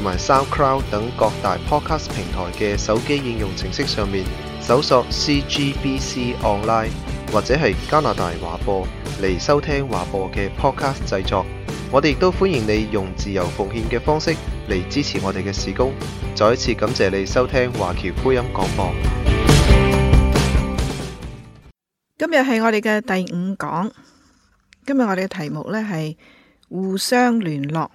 同埋 SoundCloud 等各大 Podcast 平台嘅手機應用程式上面搜索 CGBC Online 或者係加拿大華播嚟收聽華播嘅 Podcast 製作。我哋亦都歡迎你用自由奉獻嘅方式嚟支持我哋嘅事工。再一次感謝你收聽華僑福音廣播。今日係我哋嘅第五講。今日我哋嘅題目呢係互相聯絡。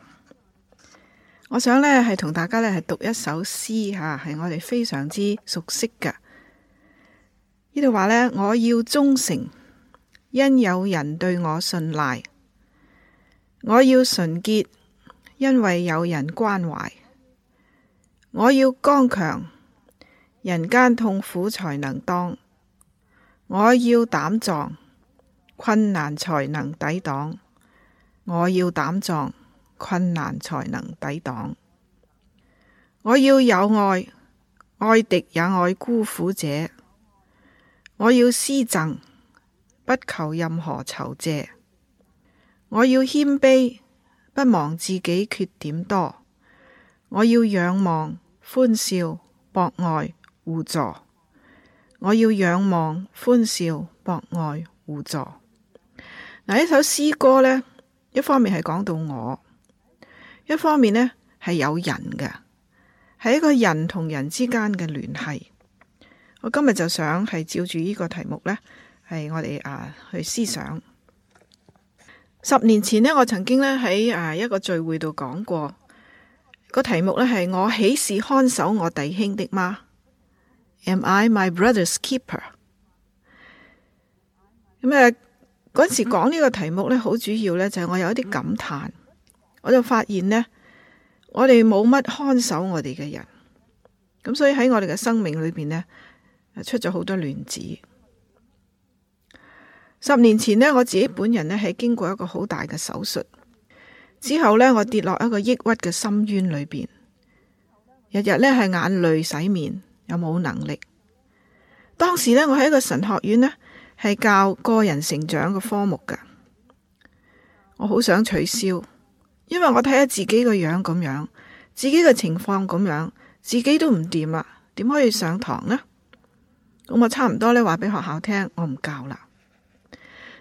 我想呢，係同大家呢，係讀一首詩吓，係我哋非常之熟悉嘅。呢度話呢，我要忠誠，因有人對我信賴；我要純潔，因為有人關懷；我要剛強，人間痛苦才能當；我要膽壯，困難才能抵擋；我要膽壯。困難才能抵擋。我要有愛，愛敵也愛孤苦者。我要施贈，不求任何酬謝。我要謙卑，不忘自己缺點多。我要仰望，歡笑博愛互助。我要仰望，歡笑博愛互助。嗱，呢首詩歌呢，一方面係講到我。一方面呢，係有人噶，係一個人同人之間嘅聯繫。我今日就想係照住呢個題目呢，係我哋啊去思想。十年前呢，我曾經呢喺啊一個聚會度講過個題目呢，係我豈是看守我弟兄的嗎？Am I my brother's keeper？咁啊，嗯，嗰時講呢個題目呢，好主要呢，就係我有一啲感嘆。我就發現呢，我哋冇乜看守我哋嘅人，咁所以喺我哋嘅生命裏面呢，出咗好多亂子。十年前呢，我自己本人呢，係經過一個好大嘅手術之後呢，我跌落一個抑鬱嘅深淵裏面，日日呢係眼淚洗面，又冇能力。當時呢，我喺一個神學院呢，係教個人成長嘅科目㗎，我好想取消。因為我睇下自己個樣咁樣，自己嘅情況咁樣，自己都唔掂啊，點可以上堂呢？咁我差唔多呢話俾學校聽，我唔教啦。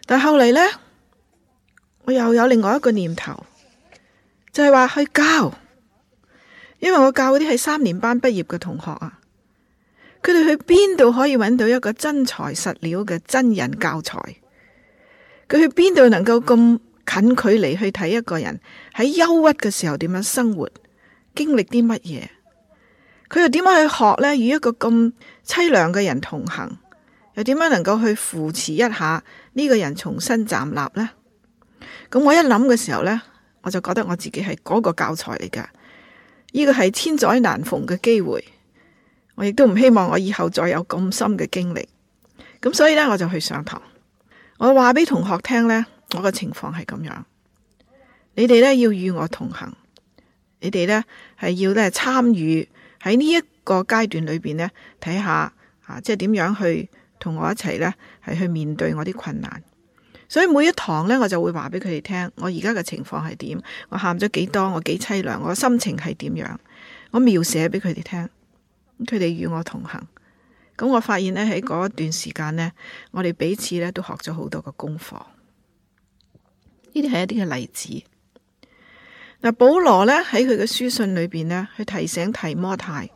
但後嚟呢，我又有另外一個念頭，就係話去教，因為我教嗰啲係三年班畢業嘅同學啊，佢哋去邊度可以搵到一個真材實料嘅真人教材？佢去邊度能夠咁？近距離去睇一個人喺憂鬱嘅時候點樣生活，經歷啲乜嘢？佢又點樣去學呢？與一個咁淒涼嘅人同行，又點樣能夠去扶持一下呢個人重新站立呢？咁我一諗嘅時候呢，我就覺得我自己係嗰個教材嚟噶，呢個係千載難逢嘅機會。我亦都唔希望我以後再有咁深嘅經歷。咁所以呢，我就去上堂，我話俾同學聽呢。我嘅情況係咁樣，你哋咧，要與我同行，你哋咧係要咧參與喺呢一個階段裏邊咧睇下啊，即係點樣去同我一齊咧係去面對我啲困難。所以每一堂咧，我就會話俾佢哋聽，我而家嘅情況係點，我喊咗幾多，我幾淒涼，我心情係點樣，我描寫俾佢哋聽，佢哋與我同行。咁我發現咧喺嗰一段時間咧，我哋彼此咧都學咗好多嘅功課。呢啲係一啲嘅例子。嗱，保羅呢，喺佢嘅書信裏邊呢，去提醒提摩太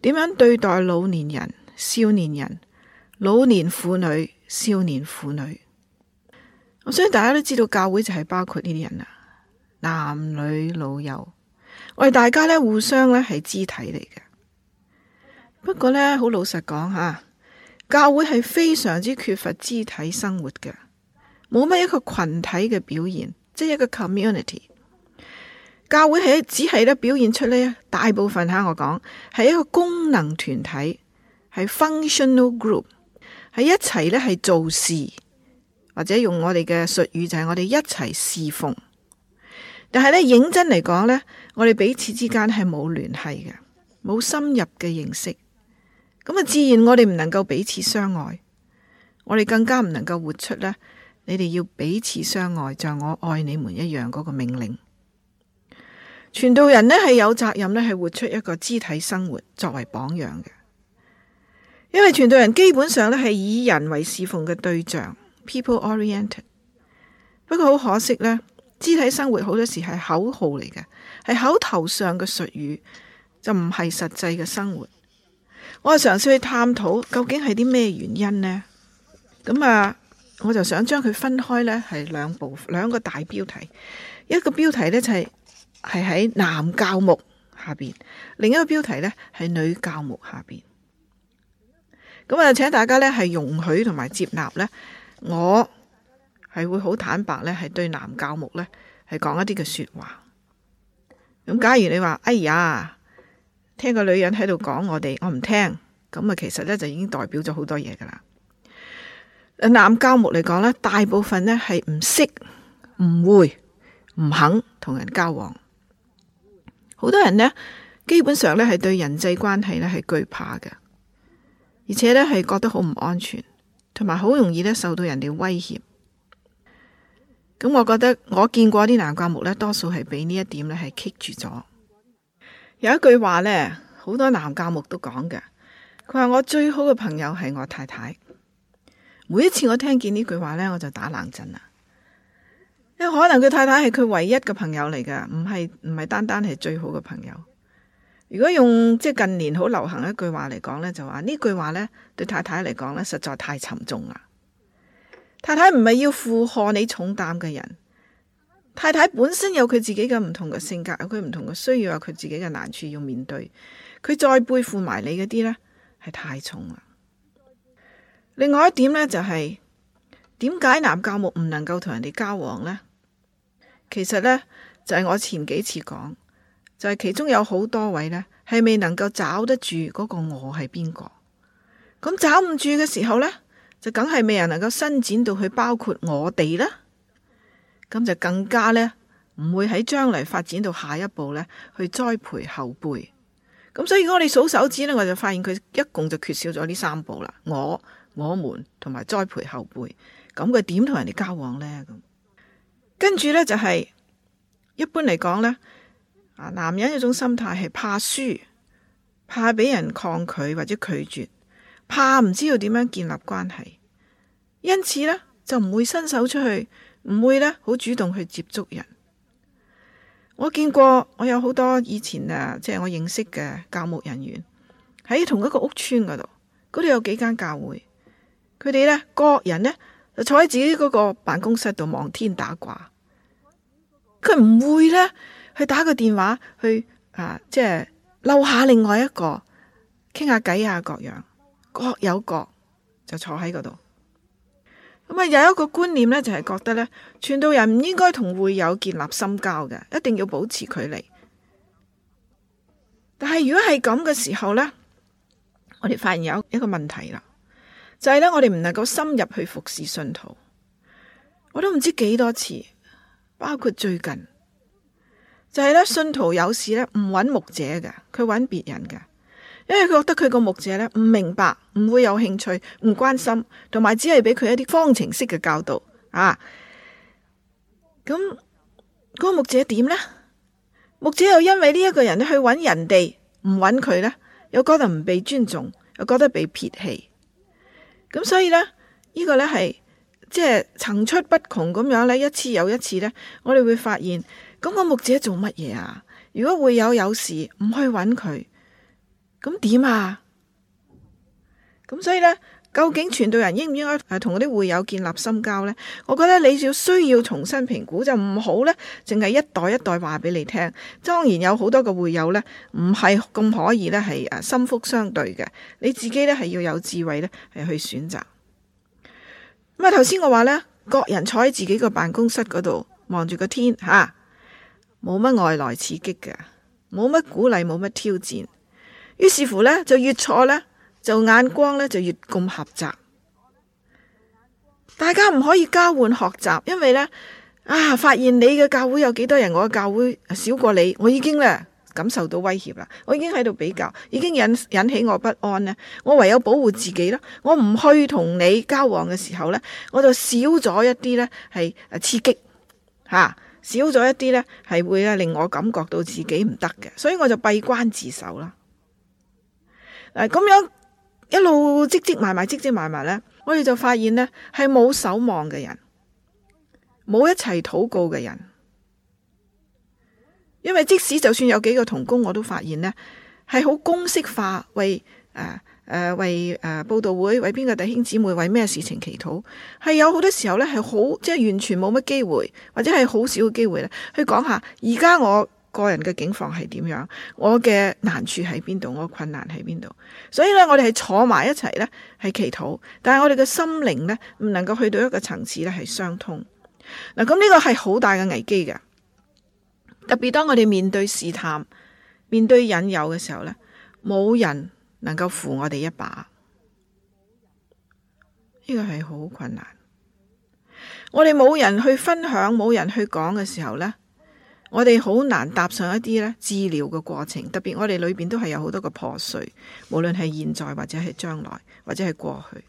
點樣對待老年人、少年人、老年婦女、少年婦女。我相信大家都知道教會就係包括呢啲人啦，男女老幼。我哋大家呢，互相呢係肢體嚟嘅。不過呢，好老實講吓，教會係非常之缺乏肢體生活嘅。冇乜一個群體嘅表現，即係一個 community，教會係只係咧表現出呢大部分吓。我講係一個功能團體，係 functional group，係一齊呢係做事或者用我哋嘅術語就係我哋一齊侍奉。但係呢，認真嚟講呢，我哋彼此之間係冇聯繫嘅，冇深入嘅認識，咁啊，自然我哋唔能夠彼此相愛，我哋更加唔能夠活出呢。你哋要彼此相愛，像，就是，我愛你們一樣嗰個命令。傳道人呢係有責任呢係活出一個肢體生活作為榜樣嘅。因為傳道人基本上呢係以人為侍奉嘅對象，people-oriented。不過好可惜呢，肢體生活好多時係口號嚟嘅，係口頭上嘅術語，就唔係實際嘅生活。我係嘗試去探討究竟係啲咩原因呢？咁啊！我就想將佢分開呢係兩部兩個大標題，一個標題呢就係係喺男教牧下邊，另一個標題呢係女教牧下邊。咁啊，請大家呢係容許同埋接納呢，我係會好坦白呢，係對男教牧呢係講一啲嘅說話。咁假如你話哎呀，聽個女人喺度講我哋，我唔聽，咁啊，其實呢就已經代表咗好多嘢噶啦。誒，男教牧嚟講咧，大部分咧係唔識、唔會、唔肯同人交往。好多人咧，基本上咧係對人際關係咧係懼怕嘅，而且咧係覺得好唔安全，同埋好容易咧受到人哋威脅。咁我覺得我見過啲男教牧咧，多數係俾呢一點咧係 keep 住咗。有一句話呢，好多男教牧都講嘅，佢話，我最好嘅朋友係我太太。每一次我聽見呢句話呢，我就打冷震啦。因為可能佢太太係佢唯一嘅朋友嚟噶，唔係唔係單單係最好嘅朋友。如果用即係近年好流行嘅一句話嚟講呢，就話呢句話呢對太太嚟講呢，實在太沉重啦。太太唔係要負荷你重擔嘅人，太太本身有佢自己嘅唔同嘅性格，有佢唔同嘅需要，有佢自己嘅難處要面對。佢再背負埋你嗰啲呢，係太重啦。另外一點呢、就是，就係點解南教牧唔能夠同人哋交往呢？其實呢，就係我前幾次講，就係、是、其中有好多位呢，係未能夠找得住嗰個我係邊個咁找唔住嘅時候呢，就梗係未人能夠伸展到去包括我哋啦。咁就更加呢，唔會喺將來發展到下一步呢，去栽培後輩咁，所以如果我哋數手指呢，我就發現佢一共就缺少咗呢三步啦，我。我們同埋栽培後輩，咁佢點同人哋交往呢？跟住呢、就係一般嚟講呢，男人有種心態係怕輸，怕俾人抗拒或者拒絕，怕唔知道點樣建立關係，因此呢，就唔會伸手出去，唔會呢好主動去接觸人。我見過我有好多以前啊，即係我認識嘅教牧人員喺同一個屋村嗰度，嗰度有幾間教會。佢哋呢各人呢，就坐喺自己嗰個辦公室度望天打卦。佢唔會呢去打個電話去啊，即係留下另外一個傾下偈啊，各樣各有各就坐喺嗰度。咁啊，有一個觀念呢，就係覺得呢，傳道人唔應該同會友建立深交嘅，一定要保持距離。但係如果係咁嘅時候呢，我哋發現有一個問題啦。就係呢，我哋唔能夠深入去服侍信徒。我都唔知幾多次，包括最近就係、是、呢信徒有事呢唔搵牧者嘅，佢搵別人嘅，因為佢覺得佢個牧者呢唔明白，唔會有興趣，唔關心，同埋只係俾佢一啲方程式嘅教導啊。咁嗰、那個牧者點呢？牧者又因為呢一個人去搵人哋唔搵佢呢，又覺得唔被尊重，又覺得被撇棄。咁所以呢，呢、這個呢係即係層出不窮咁樣呢一次又一次呢，我哋會發現，咁個牧者做乜嘢啊？如果會有有事唔去揾佢，咁點啊？咁所以呢。究竟全隊人應唔應該同嗰啲會友建立深交呢？我覺得你要需要重新評估，就唔好呢淨係一代一代話俾你聽。當然有好多個會友呢，唔係咁可以呢係心腹相對嘅，你自己呢，係要有智慧呢係去選擇。咁啊，頭先我話呢，各人坐喺自己個辦公室嗰度望住個天吓，冇乜外來刺激嘅，冇乜鼓勵，冇乜挑戰，於是乎呢，就越坐呢。就眼光咧，就越咁狹窄。大家唔可以交換學習，因為呢，啊，發現你嘅教會有幾多人，我嘅教會少過你，我已經咧感受到威脅啦。我已經喺度比較，已經引引起我不安呢，我唯有保護自己咯。我唔去同你交往嘅時候呢，我就少咗一啲呢係刺激吓，啊，少咗一啲呢係會令我感覺到自己唔得嘅，所以我就閉關自守啦。咁、啊、樣。一路積積埋埋，積積埋埋呢，我哋就發現呢係冇守望嘅人，冇一齊禱告嘅人。因為即使就算有幾個同工，我都發現呢係好公式化，為誒誒、啊啊、為誒、啊、報道會，為邊個弟兄姊妹，為咩事情祈禱，係有好多時候呢係好即係完全冇乜機會，或者係好少嘅機會呢去講下。而家我。個人嘅境況係點樣？我嘅難處喺邊度？我困難喺邊度？所以咧，我哋係坐埋一齊呢，係祈禱。但係我哋嘅心靈呢，唔能夠去到一個層次呢係相通。嗱，咁呢個係好大嘅危機嘅。特別當我哋面對試探、面對引誘嘅時候呢，冇人能夠扶我哋一把。呢個係好困難。我哋冇人去分享，冇人去講嘅時候呢。我哋好難搭上一啲呢治療嘅過程，特別我哋裏邊都係有好多個破碎，無論係現在或者係將來或者係過去。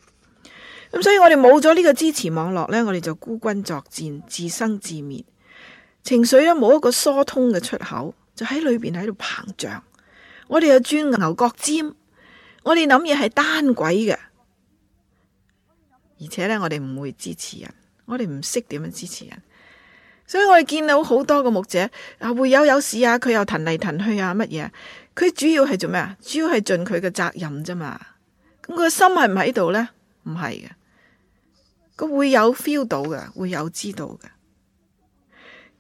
咁所以我哋冇咗呢個支持網絡呢，我哋就孤軍作戰，自生自滅。情緒呢，冇一個疏通嘅出口，就喺裏邊喺度膨脹。我哋又鑽牛角尖，我哋諗嘢係單軌嘅，而且呢，我哋唔會支持人，我哋唔識點樣支持人。所以我哋見到好多個牧者啊，會有有事啊，佢又騰嚟騰去啊，乜嘢？佢主要係做咩啊？主要係盡佢嘅責任啫嘛。咁佢個心係唔喺度呢？唔係嘅，佢會有 feel 到嘅，會有知道嘅。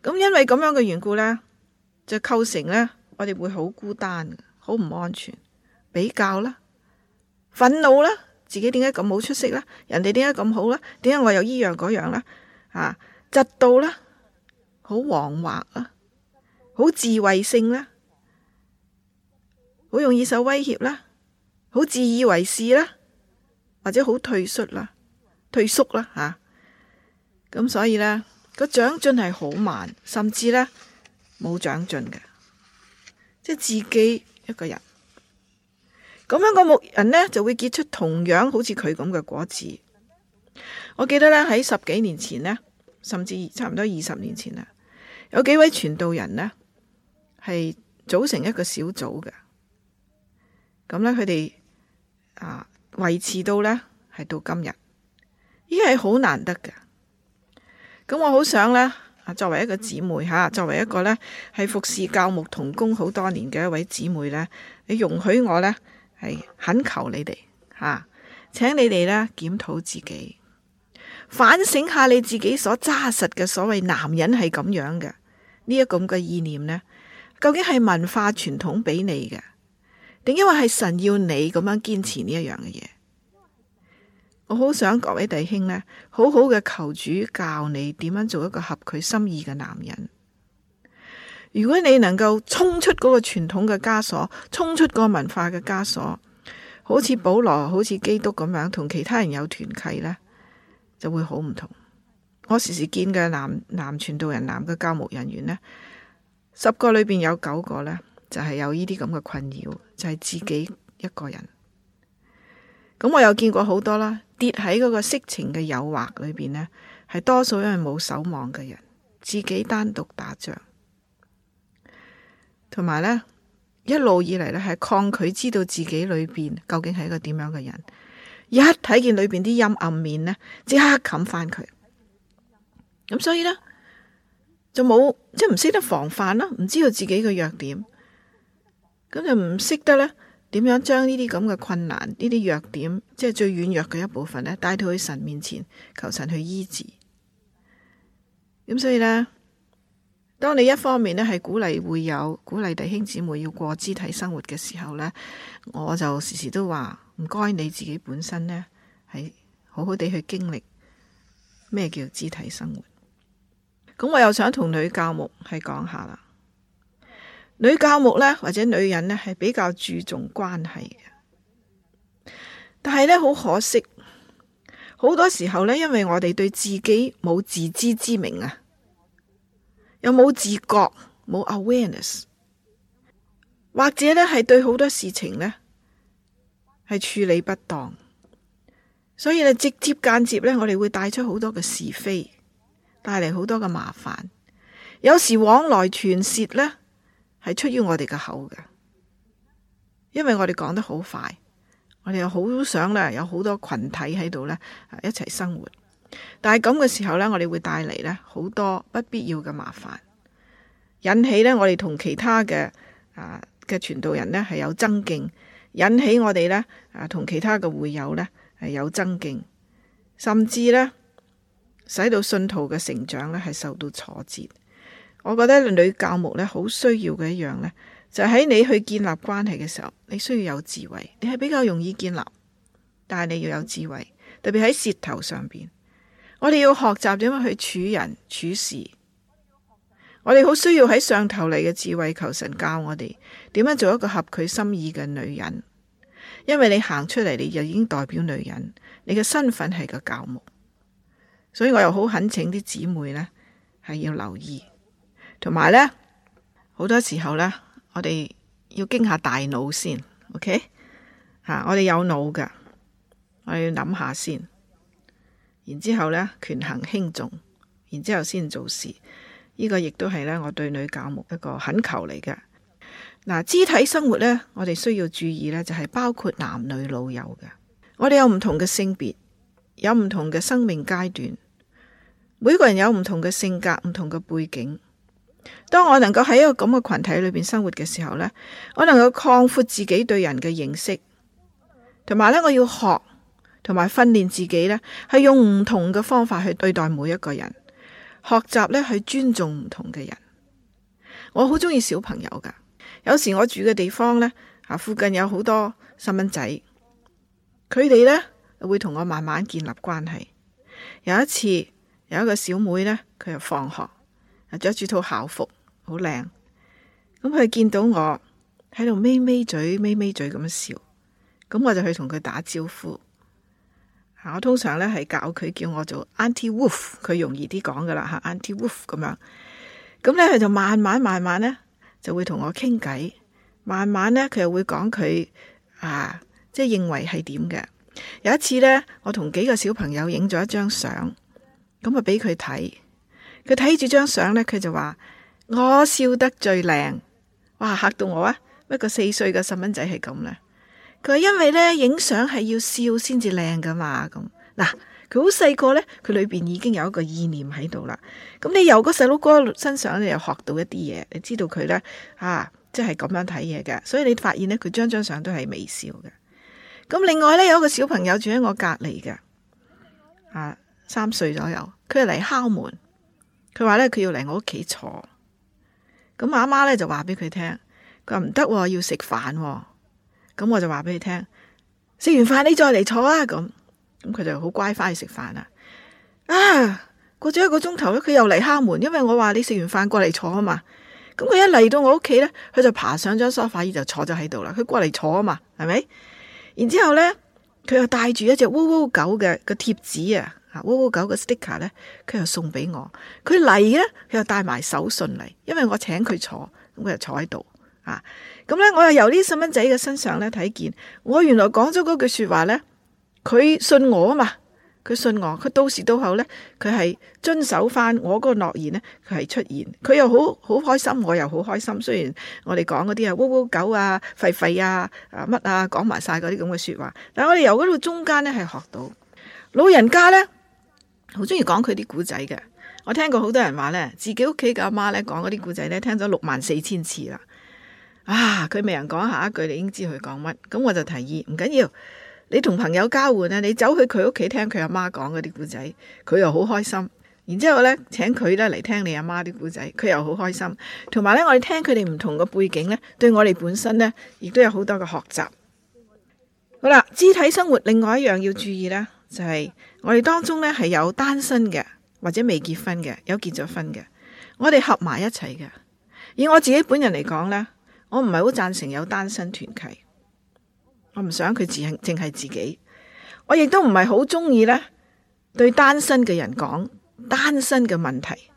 咁因為咁樣嘅緣故呢，就構成呢，我哋會好孤單，好唔安全。比較啦，憤怒啦，自己點解咁冇出息啦？人哋點解咁好啦？點解我有、啊、呢樣嗰樣啦？嫉妒啦！好惶惑啊！好自衛性啦，好容易受威脅啦，好自以為是啦，或者好退縮啦、退縮啦吓。咁、啊、所以呢個長進係好慢，甚至呢冇長進嘅，即係自己一個人咁樣個牧人呢，就會結出同樣好似佢咁嘅果子。我記得呢喺十幾年前呢，甚至差唔多二十年前啦。有幾位傳道人呢，係組成一個小組嘅，咁呢，佢哋啊，維持到呢，係到今日，呢係好難得嘅。咁我好想呢，啊，作為一個姊妹吓，作為一個呢，係服侍教牧同工好多年嘅一位姊妹呢，你容許我呢，係懇求你哋吓，請你哋呢檢討自己，反省下你自己所揸實嘅所謂男人係咁樣嘅。呢一咁嘅意念呢，究竟係文化傳統俾你嘅，定因為係神要你咁樣堅持呢一樣嘅嘢？我好想各位弟兄呢，好好嘅求主教你點樣做一個合佢心意嘅男人。如果你能夠衝出嗰個傳統嘅枷鎖，衝出個文化嘅枷鎖，好似保羅，好似基督咁樣，同其他人有團契呢，就會好唔同。我時時見嘅男男傳道人男嘅教務人員呢，十個裏邊有九個呢，就係、是、有呢啲咁嘅困擾，就係、是、自己一個人。咁我又見過好多啦，跌喺嗰個色情嘅誘惑裏邊呢，係多數因為冇守望嘅人自己單獨打仗，同埋呢，一路以嚟呢，係抗拒知道自己裏邊究竟係一個點樣嘅人，一睇見裏邊啲陰暗面呢，即刻冚翻佢。咁所以呢，就冇即係唔識得防範啦，唔知道自己嘅弱點，咁就唔識得呢點樣將呢啲咁嘅困難、呢啲弱點，即係最軟弱嘅一部分呢，帶到去神面前求神去醫治。咁所以呢，當你一方面呢係鼓勵會友鼓勵弟兄姊妹要過肢體生活嘅時候呢，我就時時都話，唔該你自己本身呢，係好好地去經歷咩叫肢體生活。咁我又想同女教牧係講下啦，女教牧呢，或者女人呢，係比較注重關係嘅，但係呢，好可惜，好多時候呢，因為我哋對自己冇自知之明啊，又冇自覺，冇 awareness，或者呢，係對好多事情呢，係處理不當，所以呢，直接間接呢，我哋會帶出好多嘅是非。帶嚟好多嘅麻煩，有時往來傳舌呢係出於我哋嘅口㗎，因為我哋講得好快，我哋又好想呢有好多群體喺度呢一齊生活，但係咁嘅時候呢，我哋會帶嚟呢好多不必要嘅麻煩，引起呢我哋同其他嘅啊嘅傳道人呢係有爭競，引起我哋呢啊同其他嘅會友呢係有爭競，甚至呢。使到信徒嘅成長咧，係受到挫折，我覺得女教牧咧，好需要嘅一樣就就係，喺你去建立關係嘅時候，你需要有智慧，你係比較容易建立，但係你要有智慧，特別喺舌頭上邊，我哋要學習點樣去處人處事，我哋好需要喺上頭嚟嘅智慧，求神教我哋點樣做一個合佢心意嘅女人，因為你行出嚟，你又已經代表女人，你嘅身份係個教牧。所以我又好懇請啲姊妹呢，係要留意，同埋呢，好多時候呢，我哋要經下大腦先，OK 吓、啊，我哋有腦噶，我哋要諗下先，然之後咧，權衡輕重，然之後先做事。呢、這個亦都係呢，我對女教牧一個懇求嚟嘅。嗱、啊，肢體生活呢，我哋需要注意呢，就係、是、包括男女老幼嘅。我哋有唔同嘅性別，有唔同嘅生命階段。每個人有唔同嘅性格，唔同嘅背景。當我能夠喺一個咁嘅群體裏面生活嘅時候呢，我能夠擴闊自己對人嘅認識，同埋呢，我要學同埋訓練自己呢係用唔同嘅方法去對待每一個人。學習呢去尊重唔同嘅人。我好鍾意小朋友噶，有時我住嘅地方呢，啊，附近有好多細蚊仔，佢哋呢會同我慢慢建立關係。有一次。有一個小妹咧，佢又放學，着住套校服，好靚。咁佢見到我喺度，咪咪嘴，咪咪嘴咁笑。咁我就去同佢打招呼。我通常咧係教佢叫我做 Auntie Woof，佢容易啲講噶啦吓，Auntie Woof 咁樣。咁咧佢就慢慢慢慢咧就會同我傾偈，慢慢咧佢又會講佢啊，即係認為係點嘅。有一次咧，我同幾個小朋友影咗一張相。咁啊，俾佢睇，佢睇住張相咧，佢就話我笑得最靚，哇，嚇到我啊！乜個四歲嘅細蚊仔係咁咧？佢話因為咧影相係要笑先至靚噶嘛，咁嗱，佢好細個咧，佢裏邊已經有一個意念喺度啦。咁你由個細佬哥身上，你又學到一啲嘢，你知道佢咧啊，即係咁樣睇嘢嘅。所以你發現咧，佢張張相都係微笑嘅。咁另外咧，有一個小朋友住喺我隔籬嘅，啊。三歲左右，佢嚟敲門，佢話咧佢要嚟我屋企坐，咁阿媽咧就話俾佢聽，佢話唔得，要食飯，咁我就話俾佢聽，食完飯你再嚟坐啊，咁，咁佢就好乖，乖，翻去食飯啦。啊，過咗一個鐘頭佢又嚟敲門，因為我話你食完飯過嚟坐啊嘛，咁佢一嚟到我屋企咧，佢就爬上張梳化椅就坐咗喺度啦，佢過嚟坐啊嘛，係咪？然之後咧，佢又帶住一隻烏烏狗嘅個貼紙啊。啊！烏烏狗嘅 sticker 咧，佢又送俾我。佢嚟咧，佢又帶埋手信嚟，因為我請佢坐，咁佢又坐喺度。啊，咁咧，我又由呢細蚊仔嘅身上咧睇見，我原來講咗句説話咧，佢信我啊嘛，佢信我，佢到時到候咧，佢係遵守翻我嗰個諾言咧，佢係出現，佢又好好開心，我又好開心。雖然我哋講嗰啲啊烏烏狗啊、廢廢啊、啊乜啊講埋晒嗰啲咁嘅説話，但係我哋由嗰度中間咧係學到老人家咧。好中意講佢啲故仔嘅，我聽過好多人話呢，自己屋企嘅阿媽呢講嗰啲故仔呢聽咗六萬四千次啦。啊，佢未人講下一句，你已經知佢講乜。咁我就提議，唔緊要，你同朋友交換啊，你走去佢屋企聽佢阿媽講嗰啲故仔，佢又好開心。然之後咧，請佢呢嚟聽你阿媽啲故仔，佢又好開心。同埋呢，我哋聽佢哋唔同嘅背景呢，對我哋本身呢，亦都有好多嘅學習。好啦，肢體生活另外一樣要注意啦。就係我哋當中咧，係有單身嘅，或者未結婚嘅，有結咗婚嘅，我哋合埋一齊嘅。以我自己本人嚟講呢，我唔係好贊成有單身團契，我唔想佢自淨係自己。我亦都唔係好中意呢對單身嘅人講單身嘅問題。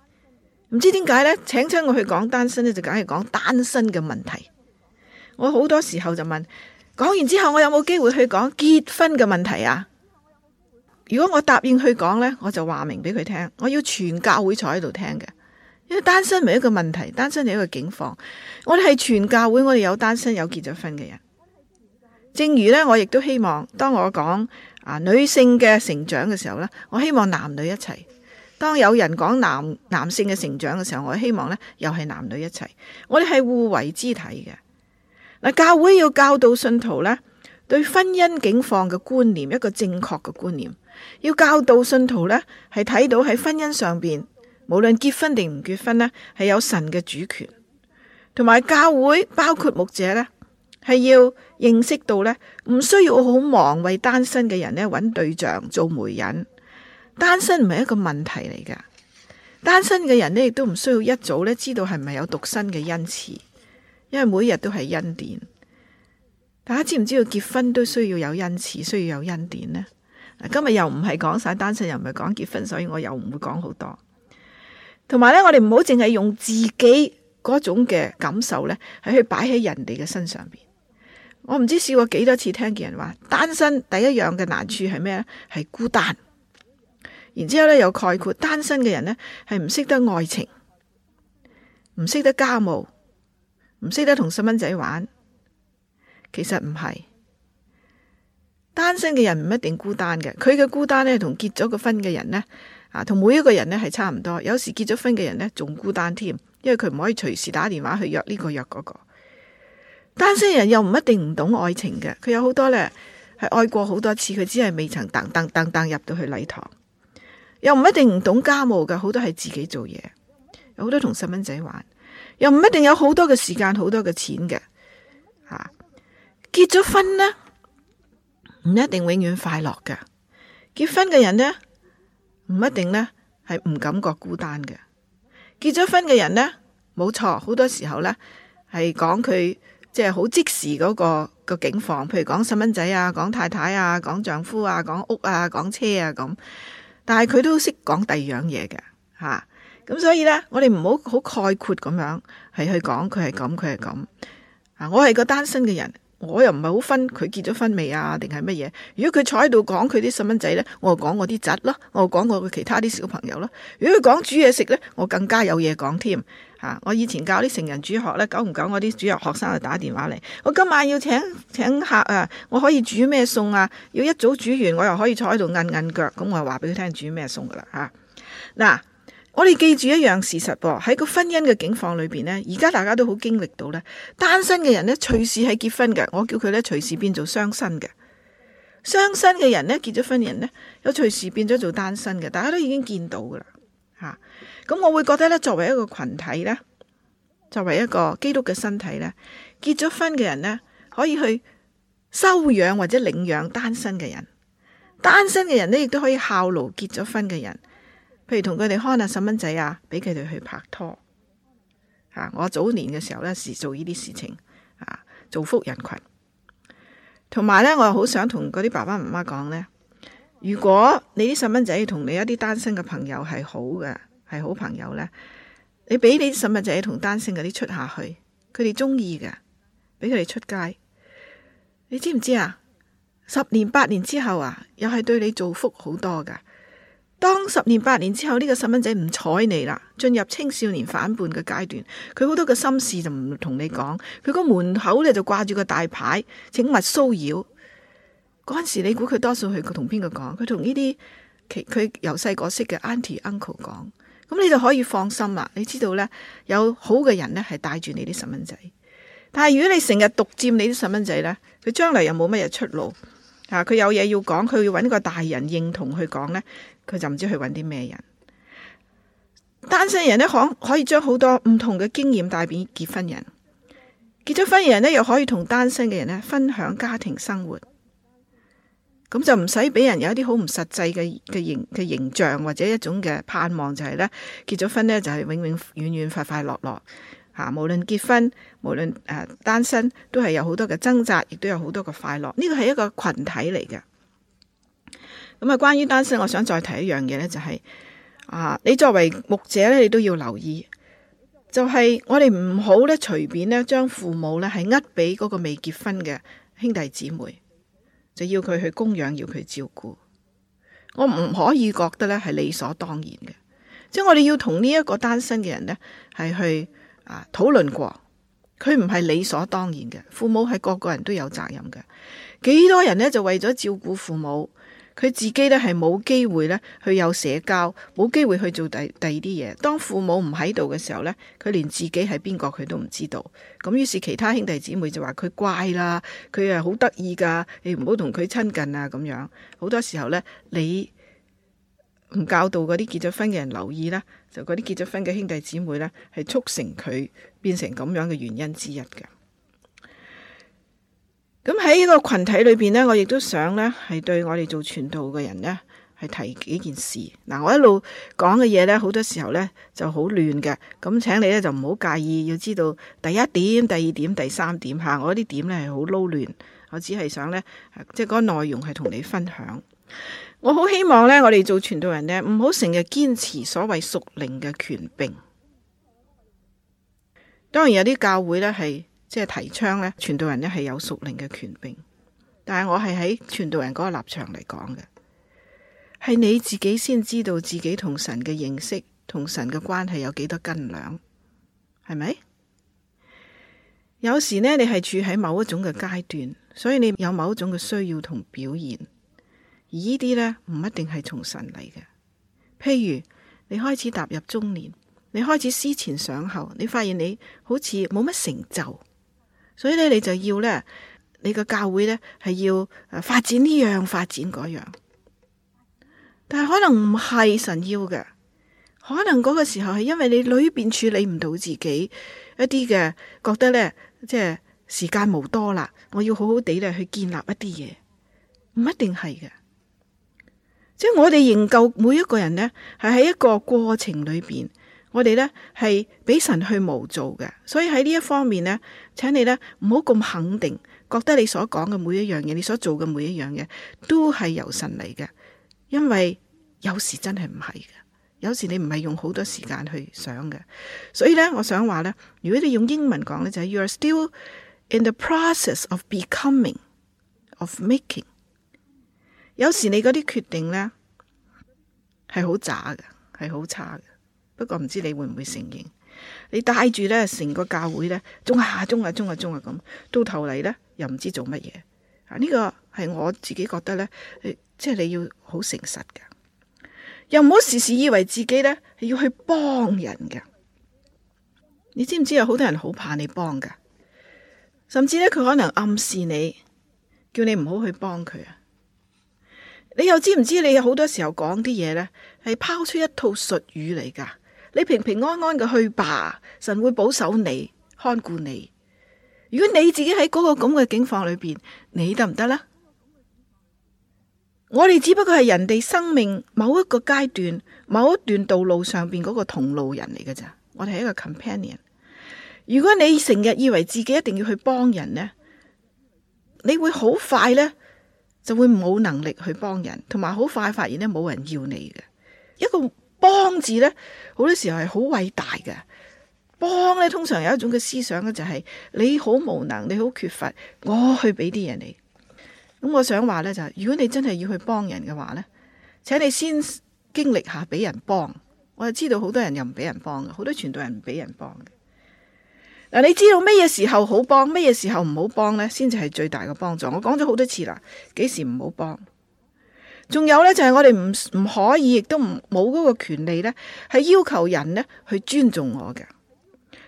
唔知點解呢？請請我去講單身咧，就梗係講單身嘅問題。我好多時候就問，講完之後我有冇機會去講結婚嘅問題啊？如果我答應佢講呢，我就話明俾佢聽，我要全教會坐喺度聽嘅。因為單身唔係一個問題，單身係一個境況。我哋係全教會，我哋有單身有結咗婚嘅人。正如呢，我亦都希望當我講啊女性嘅成長嘅時候呢，我希望男女一齊。當有人講男男性嘅成長嘅時候，我希望呢又係男女一齊。我哋係互為肢體嘅。嗱，教會要教導信徒呢對婚姻境況嘅觀念一個正確嘅觀念。要教導信徒呢，係睇到喺婚姻上邊，無論結婚定唔結婚呢，係有神嘅主權，同埋教會包括牧者呢，係要認識到呢，唔需要好忙為單身嘅人呢揾對象做媒人。單身唔係一個問題嚟㗎，單身嘅人呢亦都唔需要一早呢知道係咪有獨身嘅恩賜，因為每日都係恩典。大家知唔知道結婚都需要有恩賜，需要有恩典呢？今日又唔係講晒單身，又唔係講結婚，所以我又唔會講好多。同埋呢，我哋唔好淨係用自己嗰種嘅感受呢，係去擺喺人哋嘅身上邊。我唔知試過幾多次聽見人話單身第一樣嘅難處係咩呢？係孤單。然之後呢，又概括單身嘅人呢，係唔識得愛情，唔識得家務，唔識得同細蚊仔玩。其實唔係。單身嘅人唔一定孤單嘅，佢嘅孤單咧同結咗個婚嘅人咧啊，同每一個人咧係差唔多。有時結咗婚嘅人咧仲孤單添，因為佢唔可以隨時打電話去約呢個約嗰個。單身人又唔一定唔懂愛情嘅，佢有好多咧係愛過好多次，佢只係未曾噔噔噔噔入到去禮堂。又唔一定唔懂家務嘅，好多係自己做嘢，有好多同細蚊仔玩，又唔一定有好多嘅時間，好多嘅錢嘅。啊，結咗婚呢，唔一定永遠快樂嘅，結婚嘅人呢，唔一定呢，係唔感覺孤單嘅。結咗婚嘅人呢，冇錯，好多時候呢，係講佢即係好即時嗰個個境況，譬如講細蚊仔啊，講太太啊，講丈夫啊，講屋啊，講車啊咁。但係佢都識講第二樣嘢嘅吓，咁、啊、所以呢，我哋唔好好概括咁樣係去講佢係咁，佢係咁啊！我係個單身嘅人，我又唔係好分佢結咗婚未啊，定係乜嘢？如果佢坐喺度講佢啲細蚊仔呢，我就講我啲侄咯，我就講我其他啲小朋友咯。如果佢講煮嘢食呢，我更加有嘢講添。吓、啊，我以前教啲成人主學呢，久唔久我啲主學學生就打電話嚟，我今晚要請請客啊，我可以煮咩餸啊？要一早煮完，我又可以坐喺度揞揞腳。咁我話俾佢聽煮咩餸噶啦吓。嗱、啊。我哋記住一樣事實喎，喺個婚姻嘅境況裏邊咧，而家大家都好經歷到咧，單身嘅人咧，隨時係結婚嘅，我叫佢咧，隨時變做雙身嘅；雙身嘅人咧，結咗婚嘅人咧，又隨時變咗做單身嘅。大家都已經見到噶啦，吓，咁我會覺得咧，作為一個群體咧，作為一個基督嘅身體咧，結咗婚嘅人咧，可以去收養或者領養單身嘅人；單身嘅人咧，亦都可以效勞結咗婚嘅人。譬如同佢哋看下細蚊仔啊，俾佢哋去拍拖啊！我早年嘅時候咧，係做呢啲事情啊，造福人群。同埋咧，我又好想同嗰啲爸爸媽媽講咧：如果你啲細蚊仔同你一啲單身嘅朋友係好嘅，係好朋友咧，你俾你啲細蚊仔同單身嗰啲出下去，佢哋中意㗎，俾佢哋出街。你知唔知啊？十年八年之後啊，又係對你造福好多噶。當十年八年之後呢、呢個細蚊仔唔睬你啦，進入青少年反叛嘅階段，佢好多嘅心事就唔同你講，佢個門口咧就掛住個大牌，請勿騷擾。嗰陣時你估佢多數去同邊個講？佢同呢啲其佢由細個識嘅 auntie uncle 講，咁你就可以放心啦。你知道呢，有好嘅人呢係帶住你啲細蚊仔，但係如果你成日獨佔你啲細蚊仔呢，佢將來又冇乜嘢出路。佢有嘢要講，佢要搵個大人認同去講呢。佢就唔知去揾啲咩人。單身人咧，可可以將好多唔同嘅經驗帶俾結婚人。結咗婚嘅人咧，又可以同單身嘅人咧，分享家庭生活。咁就唔使俾人有一啲好唔實際嘅嘅形嘅形象，或者一種嘅盼望，就係咧結咗婚咧就係永永遠遠快快樂樂嚇。無論結婚無論誒單身都係有好多嘅掙扎，亦都有好多嘅快樂。呢個係一個群體嚟嘅。咁啊，關於單身，我想再提一樣嘢咧，就係啊，你作為牧者咧，你都要留意，就係我哋唔好咧，隨便咧，將父母咧係呃俾嗰個未結婚嘅兄弟姊妹，就要佢去供養，要佢照顧。我唔可以覺得咧係理所當然嘅，即係我哋要同呢一個單身嘅人咧，係去啊討論過，佢唔係理所當然嘅，父母係個個人都有責任嘅，幾多人咧就為咗照顧父母。佢自己呢係冇機會呢，去有社交，冇機會去做第第二啲嘢。當父母唔喺度嘅時候，呢佢連自己係邊個佢都唔知道。咁於是其他兄弟姊妹就話佢乖啦，佢啊好得意㗎，你唔好同佢親近啊咁樣。好多時候呢，你唔教導嗰啲結咗婚嘅人留意呢，就嗰啲結咗婚嘅兄弟姊妹呢，係促成佢變成咁樣嘅原因之一㗎。咁喺呢個群體裏邊呢，我亦都想呢，係對我哋做傳道嘅人呢，係提幾件事。嗱，我一路講嘅嘢呢，好多時候呢就好亂嘅。咁請你呢，就唔好介意。要知道第一點、第二點、第三點嚇，我啲點呢，係好撈亂。我只係想呢，即係嗰個內容係同你分享。我好希望呢，我哋做傳道人呢，唔好成日堅持所謂屬靈嘅權柄。當然有啲教會呢係。即係提倡咧，傳道人咧係有屬靈嘅權柄，但係我係喺傳道人嗰個立場嚟講嘅，係你自己先知道自己同神嘅認識、同神嘅關係有幾多斤兩，係咪？有時呢，你係處喺某一種嘅階段，所以你有某一種嘅需要同表現，而呢啲呢，唔一定係從神嚟嘅。譬如你開始踏入中年，你開始思前想後，你發現你好似冇乜成就。所以你就要呢，你個教會呢係要發展呢樣發展嗰樣，但係可能唔係神要嘅，可能嗰個時候係因為你裏面處理唔到自己一啲嘅，覺得呢，即係時間冇多啦，我要好好地呢去建立一啲嘢，唔一定係嘅。即係我哋研究每一個人呢，係喺一個過程裏面。我哋呢，係俾神去模造嘅，所以喺呢一方面呢，請你呢，唔好咁肯定，覺得你所講嘅每一樣嘢，你所做嘅每一樣嘢都係由神嚟嘅。因為有時真係唔係嘅，有時你唔係用好多時間去想嘅。所以呢，我想話呢，如果你用英文講呢，就係、是、You are still in the process of becoming of making。有時你嗰啲決定呢，係好渣嘅，係好差嘅。不過唔知你會唔會承認？你帶住呢成個教會呢，中下、啊、中下、啊、中下、啊、中下、啊、咁，到頭嚟呢，又唔知做乜嘢啊？呢個係我自己覺得呢，即係你要好誠實噶，又唔好時時以為自己呢係要去幫人噶。你知唔知有好多人好怕你幫噶？甚至呢，佢可能暗示你，叫你唔好去幫佢啊！你又知唔知你好多時候講啲嘢呢，係拋出一套術語嚟噶？你平平安安嘅去吧，神會保守你，看顧你。如果你自己喺嗰個咁嘅境況裏邊，你得唔得呢？我哋只不過係人哋生命某一個階段、某一段道路上邊嗰個同路人嚟嘅咋。我哋係一個 companion。如果你成日以為自己一定要去幫人呢，你會好快呢，就會冇能力去幫人，同埋好快發現呢冇人要你嘅一個。幫字呢，好多時候係好偉大嘅。幫呢，通常有一種嘅思想呢，就係，就係你好無能，你好缺乏，我去俾啲人你。咁我想話呢，就係，如果你真係要去幫人嘅話呢，請你先經歷一下俾人幫。我就知道好多人又唔俾人幫嘅，好多傳道人唔俾人幫嘅。嗱，你知道咩嘢時候好幫，咩嘢時候唔好幫呢？先至係最大嘅幫助。我講咗好多次啦，幾時唔好幫？仲有呢，就係我哋唔唔可以，亦都唔冇嗰個權利呢，係要求人呢去尊重我嘅。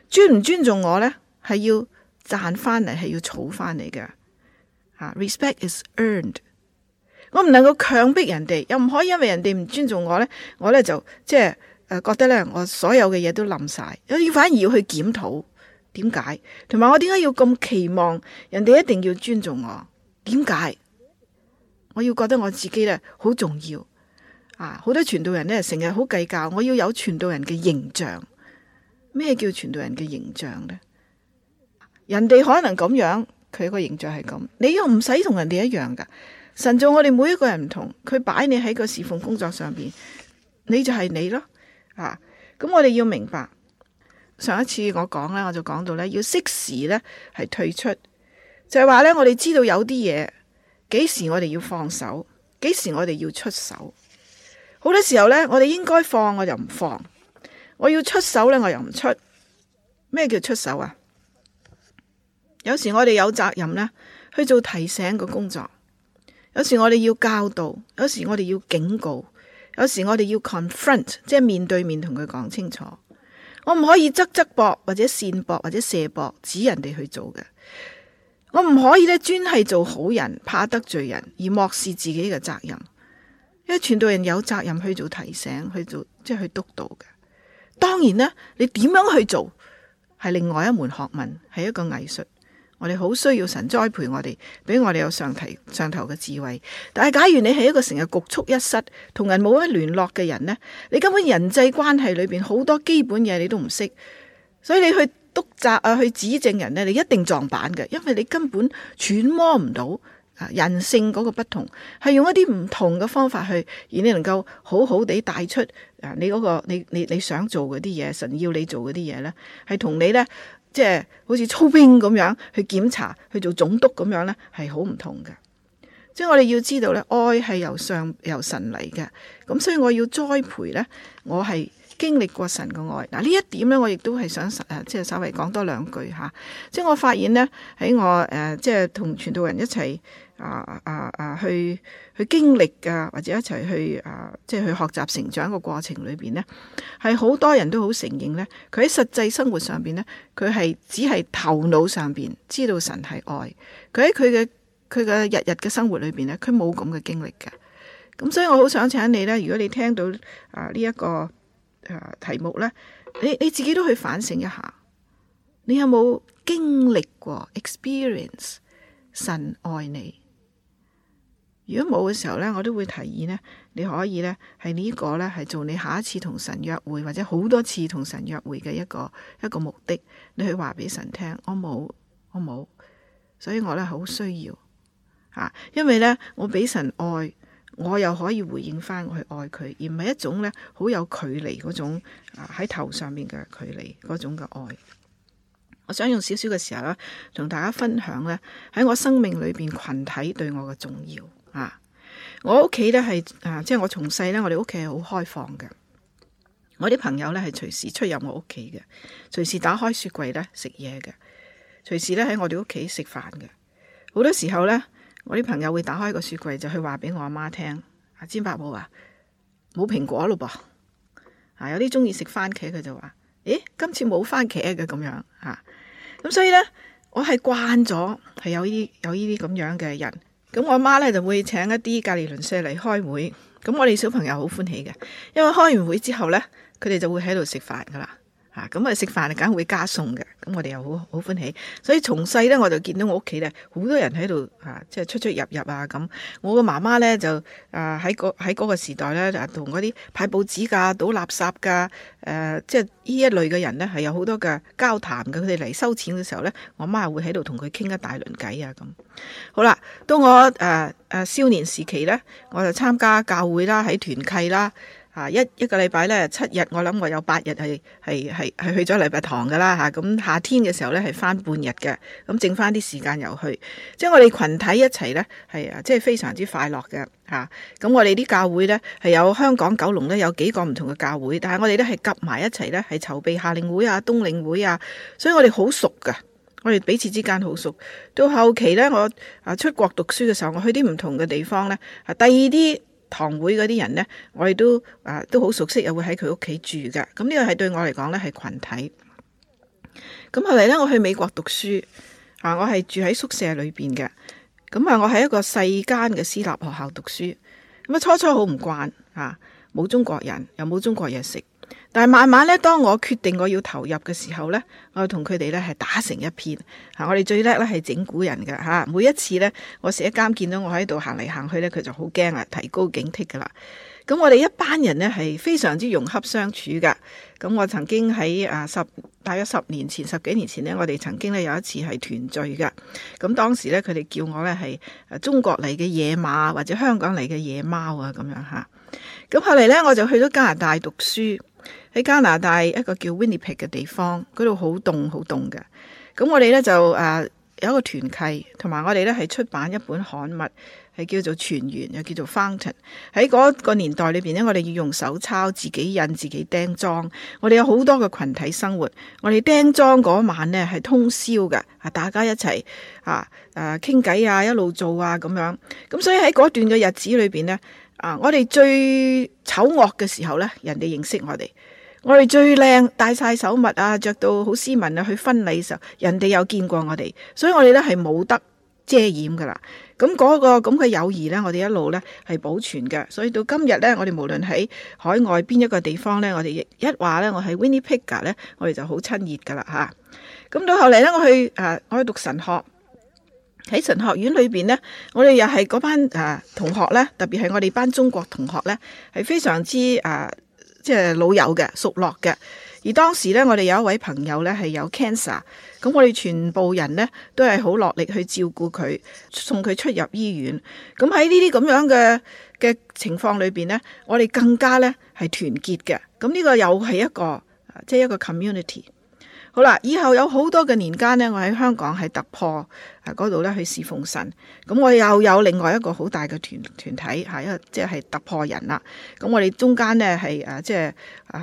尊唔尊重我呢？係要賺翻嚟，係要儲翻嚟嘅。Respect is earned。我唔能夠強迫人哋，又唔可以因為人哋唔尊重我呢。我呢，就即係、呃、覺得呢，我所有嘅嘢都冧晒。要反而要去檢討點解，同埋我點解要咁期望人哋一定要尊重我？點解？我要覺得我自己咧好重要啊！好多傳道人咧成日好計較，我要有傳道人嘅形象。咩叫傳道人嘅形象咧？人哋可能咁樣，佢個形象係咁，你又唔使同人哋一樣噶。神造我哋每一個人唔同，佢擺你喺個侍奉工作上面，你就係你咯啊！咁我哋要明白，上一次我講咧，我就講到咧，要適時咧係退出，就係話咧，我哋知道有啲嘢。幾時我哋要放手？幾時我哋要出手？好多時候呢，我哋應該放，我就唔放；我要出手呢，我又唔出。咩叫出手啊？有時我哋有責任呢，去做提醒嘅工作；有時我哋要教導；有時我哋要警告；有時我哋要 confront，即係面對面同佢講清楚。我唔可以側側膊，或者扇膊，或者射膊，指人哋去做嘅。我唔可以咧，專係做好人，怕得罪人而漠視自己嘅責任，因為傳道人有責任去做提醒，去做即係去督導嘅。當然呢，你點樣去做係另外一門學問，係一個藝術。我哋好需要神栽培我哋，俾我哋有上提上頭嘅智慧。但係假如你係一個成日局促一室，同人冇得聯絡嘅人呢，你根本人際關係裏邊好多基本嘢你都唔識，所以你去。督察啊，去指證人咧，你一定撞板嘅，因為你根本揣摩唔到啊人性嗰個不同，係用一啲唔同嘅方法去，而你能夠好好地帶出啊你嗰個你你你想做嗰啲嘢，神要你做嗰啲嘢咧，係同你咧即係好似操兵咁樣去檢查，去做總督咁樣咧，係好唔同嘅。即係我哋要知道咧，愛係由上由神嚟嘅，咁所以我要栽培咧，我係。經歷過神嘅愛，嗱呢一點咧，我亦都係想誒，即係稍微講多兩句吓。即係我發現咧，喺我誒，即係同傳道人一齊啊啊啊去去經歷噶，或者一齊去啊，即係去學習成長嘅過程裏邊咧，係好多人都好承認咧，佢喺實際生活上邊咧，佢係只係頭腦上邊知道神係愛，佢喺佢嘅佢嘅日日嘅生活裏邊咧，佢冇咁嘅經歷噶。咁所以我好想請你咧，如果你聽到啊呢一個。誒，題目呢，你你自己都去反省一下，你有冇經歷過 experience 神愛你？如果冇嘅時候呢，我都會提議呢，你可以呢，係呢個呢，係做你下一次同神約會或者好多次同神約會嘅一個一個目的，你去話俾神聽，我冇，我冇，所以我呢好需要啊，因為呢，我俾神愛。我又可以回應翻，我去愛佢，而唔係一種呢好有距離嗰種喺頭上面嘅距離嗰種嘅愛。我想用少少嘅時候呢，同大家分享呢喺我生命裏邊群體對我嘅重要啊！我屋企呢係啊，即係我從細呢，我哋屋企係好開放嘅，我啲朋友呢係隨時出入我屋企嘅，隨時打開雪櫃呢食嘢嘅，隨時呢喺我哋屋企食飯嘅，好多時候呢。我啲朋友會打開一個雪櫃就去話俾我阿媽聽，阿詹伯母話冇蘋果咯噃，啊，啊有啲中意食番茄佢就話，咦今次冇番茄嘅咁樣吓，咁、啊、所以咧我係慣咗係有呢啲有呢啲咁樣嘅人，咁我阿媽咧就會請一啲隔離鄰舍嚟開會，咁我哋小朋友好歡喜嘅，因為開完會之後咧佢哋就會喺度食飯噶啦。咁啊食飯啊梗係會加餸嘅，咁、嗯、我哋又好好歡喜，所以從細咧我就見到我屋企咧好多人喺度，吓即係出出入入啊咁、嗯。我個媽媽咧就誒喺喺嗰個時代咧、啊，就同嗰啲派報紙噶、倒垃圾噶、誒即係呢一類嘅人咧，係有好多嘅交談嘅。佢哋嚟收錢嘅時候咧，我媽會喺度同佢傾一大輪偈啊咁、嗯。好啦，到我誒誒、啊啊啊、少年時期咧，我就參加教會啦，喺團契啦。啊一一個禮拜咧七日，我諗我有八日係係係係去咗禮拜堂噶啦吓，咁、啊、夏天嘅時候咧係翻半日嘅，咁、啊、剩翻啲時間又去，即係我哋群體一齊咧係啊，即係非常之快樂嘅吓。咁我哋啲教會咧係有香港九龍咧有幾個唔同嘅教會，但係我哋咧係夾埋一齊咧係籌備夏令會啊、冬令會啊，所以我哋好熟噶，我哋彼此之間好熟。到後期咧，我啊出國讀書嘅時候，我去啲唔同嘅地方咧啊，第二啲。堂會嗰啲人呢，我哋都啊都好熟悉，又會喺佢屋企住嘅。咁呢個係對我嚟講呢係群體。咁後嚟呢，我去美國讀書啊，我係住喺宿舍裏邊嘅。咁啊，我喺一個細間嘅私立學校讀書。咁、啊、初初好唔慣啊，冇中國人，又冇中國嘢食。但係慢慢咧，當我決定我要投入嘅時候咧，我同佢哋咧係打成一片嚇。我哋最叻咧係整蠱人噶嚇。每一次咧，我舍監見到我喺度行嚟行去咧，佢就好驚啊，提高警惕噶啦。咁我哋一班人咧係非常之融洽相處噶。咁我曾經喺啊十大約十年前、十幾年前咧，我哋曾經咧有一次係團聚噶。咁當時咧，佢哋叫我咧係中國嚟嘅野馬或者香港嚟嘅野貓啊咁樣嚇。咁後嚟咧，我就去咗加拿大讀書。喺加拿大一個叫 Winnipeg 嘅地方，嗰度好凍好凍嘅。咁我哋咧就誒有一個團契，同埋我哋咧係出版一本刊物，係叫做《泉源》，又叫做《Fountain》。喺嗰個年代裏邊咧，我哋要用手抄，自己印，自己釘裝。我哋有好多嘅群體生活。我哋釘裝嗰晚咧係通宵嘅，啊，大家一齊啊誒傾偈啊，一路做啊咁樣。咁所以喺嗰段嘅日子裏邊咧，啊，我哋最醜惡嘅時候咧，人哋認識我哋。我哋最靚，戴晒手襪啊，着到好斯文啊，去婚禮嘅時候，人哋有見過我哋，所以我哋咧係冇得遮掩噶啦。咁、那、嗰個咁嘅、那個、友誼咧，我哋一路咧係保存嘅。所以到今日咧，我哋無論喺海外邊一個地方咧，我哋一話咧，我係 Winnipegger 咧，我哋就好親熱噶啦吓。咁到後嚟咧，我去誒，我去讀神學，喺神學院裏邊咧，我哋又係嗰班誒同學咧，特別係我哋班中國同學咧，係非常之誒。啊。即係老友嘅熟落嘅，而當時呢，我哋有一位朋友呢係有 cancer，咁我哋全部人呢都係好落力去照顧佢，送佢出入醫院。咁喺呢啲咁樣嘅嘅情況裏邊呢，我哋更加呢係團結嘅。咁呢個又係一個即係一個 community。好啦，以後有好多嘅年間呢，我喺香港係突破啊嗰度呢，去侍奉神。咁我又有另外一個好大嘅團團體，係一個即係突破人啦。咁我哋中間呢，係誒即係誒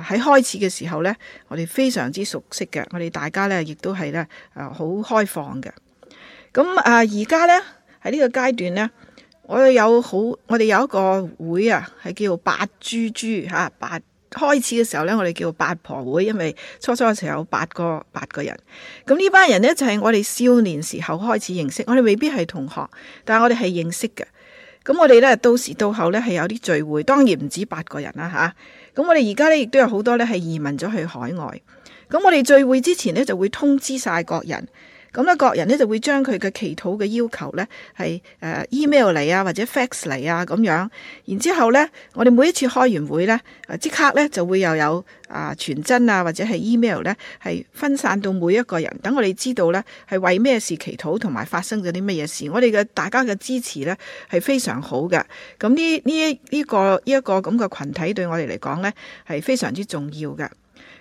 喺開始嘅時候呢，我哋非常之熟悉嘅，我哋大家呢，亦都係呢誒好開放嘅。咁啊而家呢，喺呢個階段呢，我有好我哋有一個會啊，係叫八珠珠嚇八。開始嘅時候咧，我哋叫八婆會，因為初初嘅時候有八個八個人。咁呢班人咧就係、是、我哋少年時候開始認識，我哋未必係同學，但係我哋係認識嘅。咁我哋咧到時到後咧係有啲聚會，當然唔止八個人啦吓。咁、啊、我哋而家咧亦都有好多咧係移民咗去海外。咁我哋聚會之前咧就會通知晒各人。咁咧，各人咧就會將佢嘅祈禱嘅要求咧係 email 嚟啊，或者 fax 嚟啊咁樣。然之後咧，我哋每一次開完會咧，即刻咧就會又有啊傳真啊，或者係 email 咧係分散到每一個人。等我哋知道咧係為咩事祈禱，同埋發生咗啲乜嘢事。我哋嘅大家嘅支持咧係非常好嘅。咁呢呢呢個呢一個咁嘅群體對我哋嚟講咧係非常之重要嘅。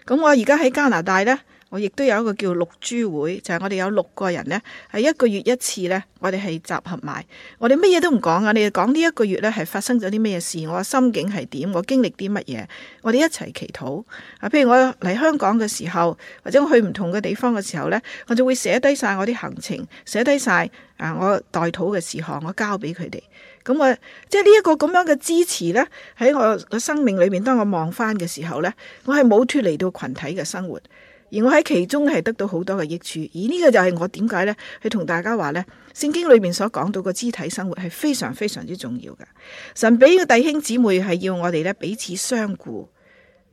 咁我而家喺加拿大咧。我亦都有一個叫六珠會，就係我哋有六個人呢。係一個月一次呢，我哋係集合埋，我哋乜嘢都唔講噶，你哋講呢一個月呢係發生咗啲咩事，我嘅心境係點，我經歷啲乜嘢，我哋一齊祈禱。啊，譬如我嚟香港嘅時候，或者我去唔同嘅地方嘅時候呢，我就會寫低晒我啲行程，寫低晒啊我代禱嘅事項，我交俾佢哋。咁我即係呢一個咁樣嘅支持呢，喺我嘅生命裏面。當我望翻嘅時候呢，我係冇脫離到群體嘅生活。而我喺其中係得到好多嘅益處，而呢個就係我點解呢？去同大家話呢聖經裏面所講到個肢體生活係非常非常之重要嘅。神俾個弟兄姊妹係要我哋彼此相顧，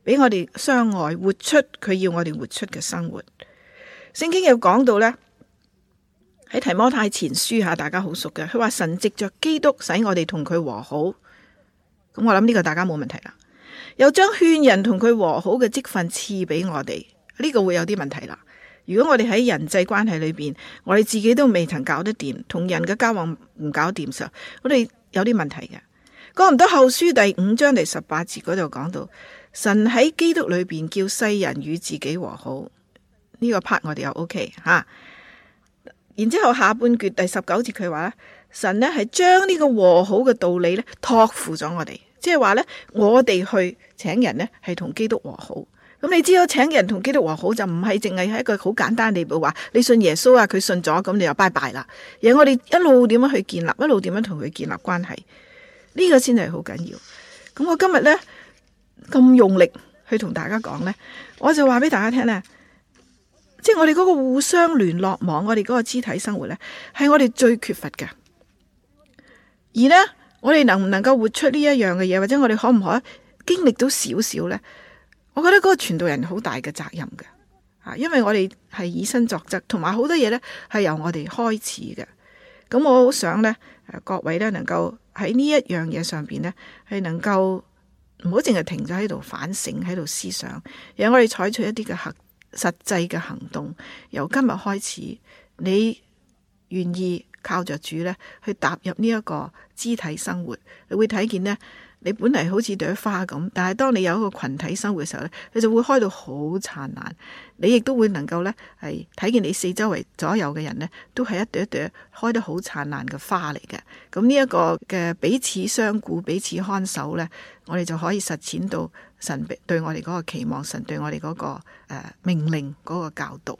俾我哋相愛，活出佢要我哋活出嘅生活。聖經又講到呢喺提摩太前書下，大家好熟嘅，佢話神藉着基督使我哋同佢和好，咁我諗呢個大家冇問題啦。又將勸人同佢和好嘅職分賜俾我哋。呢、這個會有啲問題啦。如果我哋喺人際關係裏邊，我哋自己都未曾搞得掂，同人嘅交往唔搞掂時候，我哋有啲問題嘅。講唔到後書第五章第十八節嗰度，講到神喺基督裏邊叫世人與自己和好。呢、這個 part 我哋又 OK 吓、啊。然之後下半節第十九節佢話咧，神呢係將呢個和好嘅道理咧託付咗我哋，即係話咧我哋去請人呢係同基督和好。咁你知道我請人同基督和好就唔係淨係喺一個好簡單嘅地步，話，你信耶穌啊，佢信咗，咁你又拜拜啦。而我哋一路點樣去建立，一路點樣同佢建立關係，呢、這個先係好緊要。咁我今日呢，咁用力去同大家講呢，我就話俾大家聽呢，即係我哋嗰個互相聯絡網，我哋嗰個肢體生活呢，係我哋最缺乏嘅。而呢，我哋能唔能夠活出呢一樣嘅嘢，或者我哋可唔可以經歷到少少呢？我覺得嗰個傳道人好大嘅責任嘅，因為我哋係以身作則，同埋好多嘢呢係由我哋開始嘅。咁我好想呢，各位呢能夠喺呢一樣嘢上邊呢，係能夠唔好淨係停咗喺度反省、喺度思想，而我哋採取一啲嘅行實際嘅行動。由今日開始，你願意靠着主呢去踏入呢一個肢體生活，你會睇見呢。你本嚟好似朵花咁，但係當你有一個群體生活嘅時候咧，佢就會開到好燦爛。你亦都會能夠咧，係睇見你四周圍左右嘅人咧，都係一朵一朵開得好燦爛嘅花嚟嘅。咁呢一個嘅彼此相顧、彼此看守咧，我哋就可以實踐到神對對我哋嗰個期望，神對我哋嗰個誒命令嗰個教導。